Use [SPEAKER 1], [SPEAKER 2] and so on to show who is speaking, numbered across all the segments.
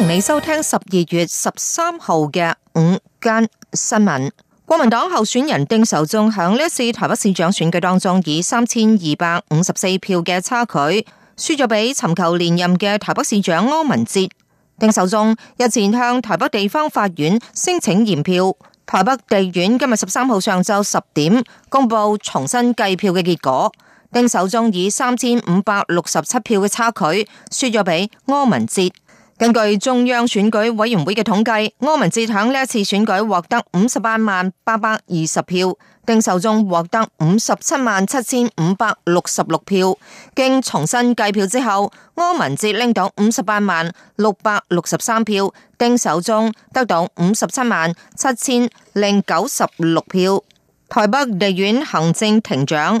[SPEAKER 1] 歡迎你收聽十二月十三號嘅午間新聞。國民黨候選人丁守中響呢一次台北市長選舉當中，以三千二百五十四票嘅差距輸咗俾尋求連任嘅台北市長柯文哲。丁守中日前向台北地方法院申請驗票，台北地院今日十三號上晝十點公布重新計票嘅結果，丁守中以三千五百六十七票嘅差距輸咗俾柯文哲。根據中央選舉委員會嘅統計，柯文哲喺呢一次選舉獲得五十八萬八百二十票，丁守中獲得五十七萬七千五百六十六票。經重新計票之後，柯文哲拎到五十八萬六百六十三票，丁守中得到五十七萬七千零九十六票。台北地院行政庭長。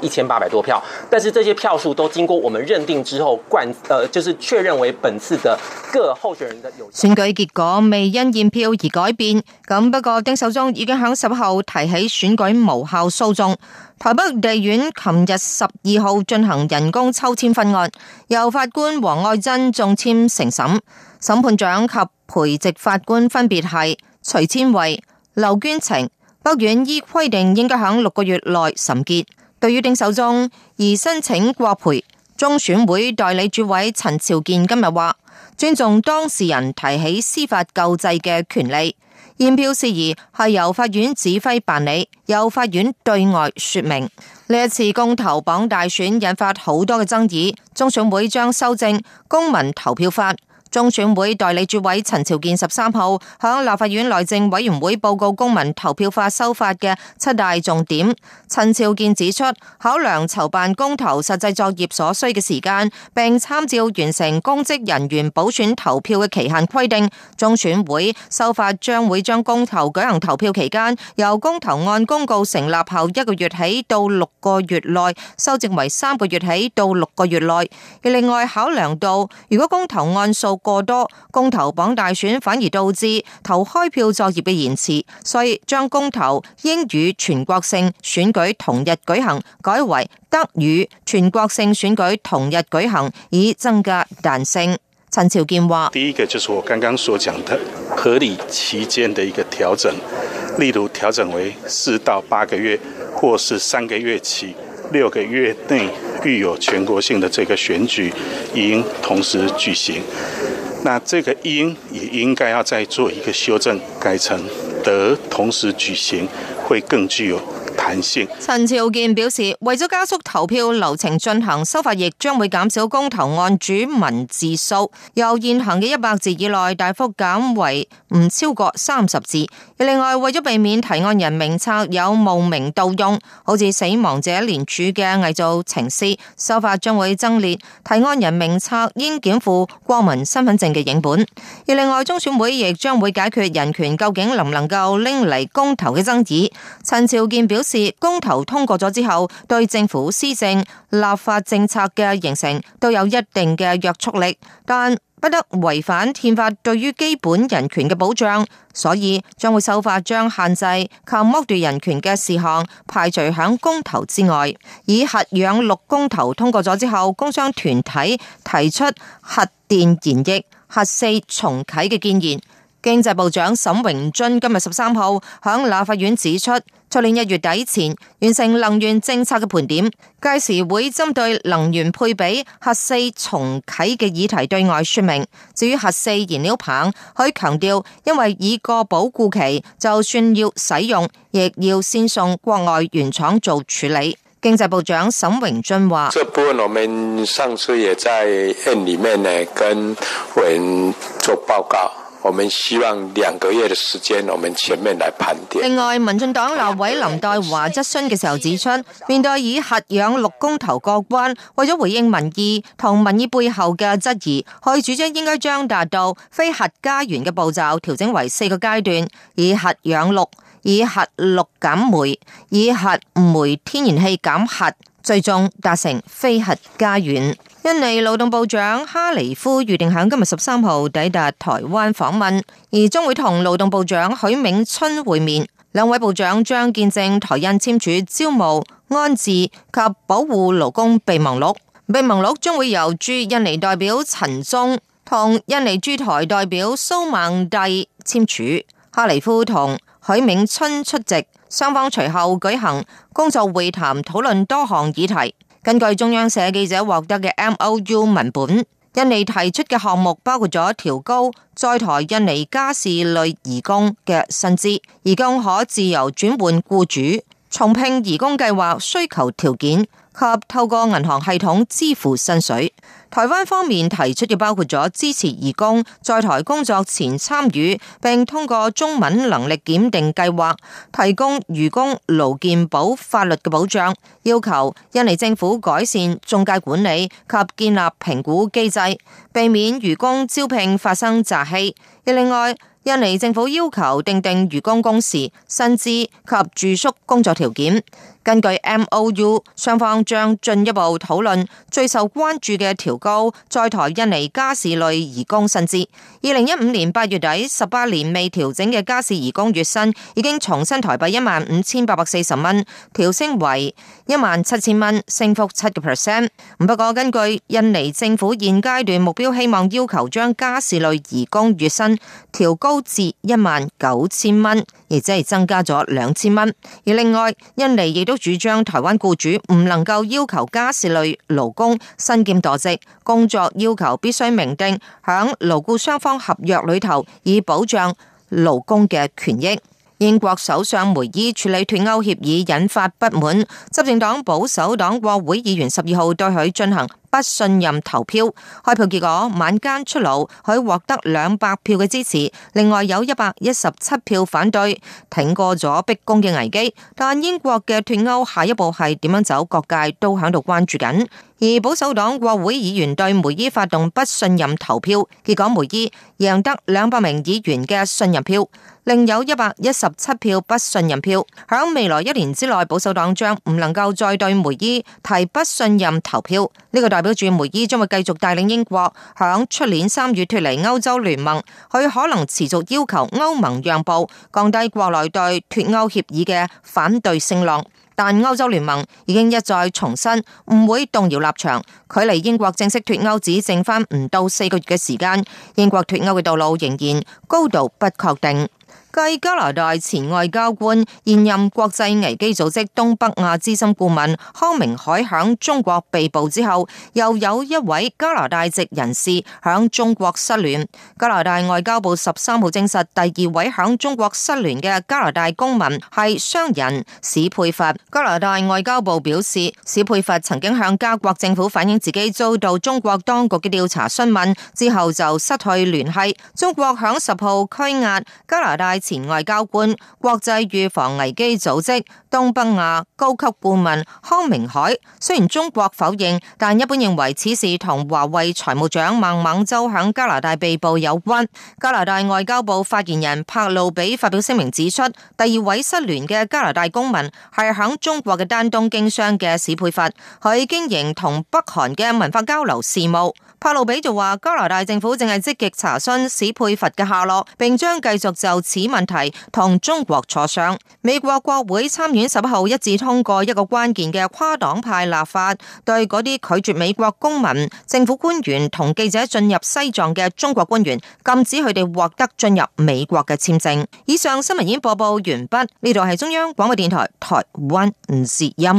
[SPEAKER 1] 一千八百多票，但是這些票數都經過我們認定之後，呃、就是確認為本次的各候選人的有選舉結果未因驗票而改變。咁不過，丁守中已經響十號提起選舉無效訴訟。台北地院琴日十二號進行人工抽簽分案，由法官王愛珍中簽承審，審判長及陪席法官分別係徐千惠、劉娟晴。北院依規定應該響六個月內審結。對於丁守中而申請國賠，中選會代理主委陳朝建今日話：尊重當事人提起司法救濟嘅權利。驗票事宜係由法院指揮辦理，由法院對外說明。呢一次公投綁大選引發好多嘅爭議，中選會將修正公民投票法。中選會代理主委陳朝建十三號向立法院內政委員會報告公民投票法修法嘅七大重點。陳朝建指出，考量籌辦公投實際作業所需嘅時間，並參照完成公職人員補選投票嘅期限規定，中選會修法將會將公投舉行投票期間由公投案公告成立後一個月起到六個月內，修正為三個月起到六個月內。而另外考量到如果公投案數過多公投榜大選，反而導致投開票作業嘅延遲，所以將公投應與全國性選舉同日舉行改為得與全國性選舉同日舉行，以增加彈性。陳朝健話：第一個就是我剛剛所講嘅合理期間嘅一個調整，例如調整為四到八個月，或是三個月起，六個月內。具有全國性的這個選舉，應同時舉行。那這個“應”也應該要再做一個修正，改成“得”同時舉行，會更具有。陳朝健表示，為咗加速投票流程進行，修法亦將會減少公投案主文字數，由現行嘅一百字以內大幅減為唔超過三十字。而另外，為咗避免提案人名冊有冒名盜用，好似死亡者連署嘅偽造情事，修法將會增列提案人名冊應檢附國民身份證嘅影本。而另外，中選會亦將會解決人權究竟能唔能夠拎嚟公投嘅爭議。陳朝健表示。公投通過咗之後，對政府施政、立法政策嘅形成都有一定嘅約束力，但不得違反憲法對於基本人權嘅保障，所以將會受法章限制，靠剝奪人權嘅事項排除響公投之外。以核養綠公投通過咗之後，工商團體提出核電延役、核四重啟嘅建言。經濟部長沈榮津今日十三號響立法院指出。明年一月底前完成能源政策嘅盤點，屆時會針對能源配比、核四重啟嘅議題對外說明。至於核四燃料棒，佢強調因為已過保固期，就算要使用，亦要先送國外原廠做處理。經濟部長沈榮津話：這部分我們上次也在院裏面呢，跟委員做報告。我們希望兩個月的時間，我們前面來判定。另外，民進黨立委林代華質詢嘅時候指出，面對以核養綠公投過關，為咗回應民意同民意背後嘅質疑，佢主張應該將達到非核家園嘅步驟調整為四個階段：以核養綠，以核綠減煤，以核煤天然氣減核，最終達成非核家園。印尼勞動部長哈尼夫預定喺今日十三號抵達台灣訪問，而將會同勞動部長許銘春會面。兩位部長將見證台印簽署招募、安置及保護勞工備忘錄。備忘錄將會由駐印尼代表陳忠同印尼駐台代表蘇孟蒂簽署。哈尼夫同許銘春出席，雙方隨後舉行工作會談，討論多項議題。根據中央社記者獲得嘅 MOU 文本，印尼提出嘅項目包括咗調高在台印尼家事類移工嘅薪資，移工可自由轉換雇主，重聘移工計劃需求條件，及透過銀行系統支付薪水。台灣方面提出要包括咗支持漁工在台工作前參與，並通過中文能力檢定計劃提供漁工勞健保法律嘅保障；要求印尼政府改善中介管理及建立評估機制，避免漁工招聘發生詐欺。而另外，印尼政府要求訂定漁工工時、薪資及住宿工作條件。根據 M O U，雙方將進一步討論最受關注嘅調高在台印尼家事類移工薪資。二零一五年八月底十八年未調整嘅家事移工月薪已經重新台幣一萬五千八百四十蚊，調升為一萬七千蚊，升幅七個 percent。不過根據印尼政府現階段目標，希望要求將家事類移工月薪調高至一萬九千蚊，亦即係增加咗兩千蚊。而另外印尼亦都主張台灣僱主唔能夠要求家事類勞工身兼多職，工作要求必須明定響勞僱雙方合約裏頭，以保障勞工嘅權益。英國首相梅伊處理脫歐協議引發不滿，執政黨保守黨國會議員十二號對佢進行。不信任投票，開票結果晚間出爐，可以獲得兩百票嘅支持，另外有一百一十七票反對，挺過咗逼宮嘅危機。但英國嘅脫歐下一步係點樣走，各界都喺度關注緊。而保守黨國會議員對梅伊發動不信任投票，結果梅伊贏得兩百名議員嘅信任票，另有一百一十七票不信任票。響未來一年之內，保守黨將唔能夠再對梅伊提不信任投票。呢、這個代代表住梅伊將會繼續帶領英國響出年三月脫離歐洲聯盟，佢可能持續要求歐盟讓步，降低國內對脫歐協議嘅反對聲浪。但歐洲聯盟已經一再重申唔會動搖立場。距離英國正式脫歐只剩翻唔到四個月嘅時間，英國脫歐嘅道路仍然高度不確定。繼加拿大前外交官、現任國際危機組織東北亞資深顧問康明凱響中國被捕之後，又有一位加拿大籍人士響中國失聯。加拿大外交部十三號證實，第二位響中國失聯嘅加拿大公民係商人史佩佛。加拿大外交部表示，史佩弗曾經向加國政府反映自己遭到中國當局嘅調查詢問，之後就失去聯繫。中國響十號拘押加拿大。前外交官、國際預防危機組織、東北亞高級顧問康明凱，雖然中國否認，但一般認為此事同華為財務長孟晚舟響加拿大被捕有關。加拿大外交部發言人帕魯比發表聲明指出，第二位失聯嘅加拿大公民係響中國嘅丹東經商嘅史佩弗，佢經營同北韓嘅文化交流事務。帕魯比就話：加拿大政府正係積極查詢史佩弗嘅下落，並將繼續就此問題同中國磋商。美國國會參院十一號一致通過一個關鍵嘅跨黨派立法，對嗰啲拒絕美國公民、政府官員同記者進入西藏嘅中國官員，禁止佢哋獲得進入美國嘅簽證。以上新聞已經播報完畢。呢度係中央廣播電台台灣吳捷音。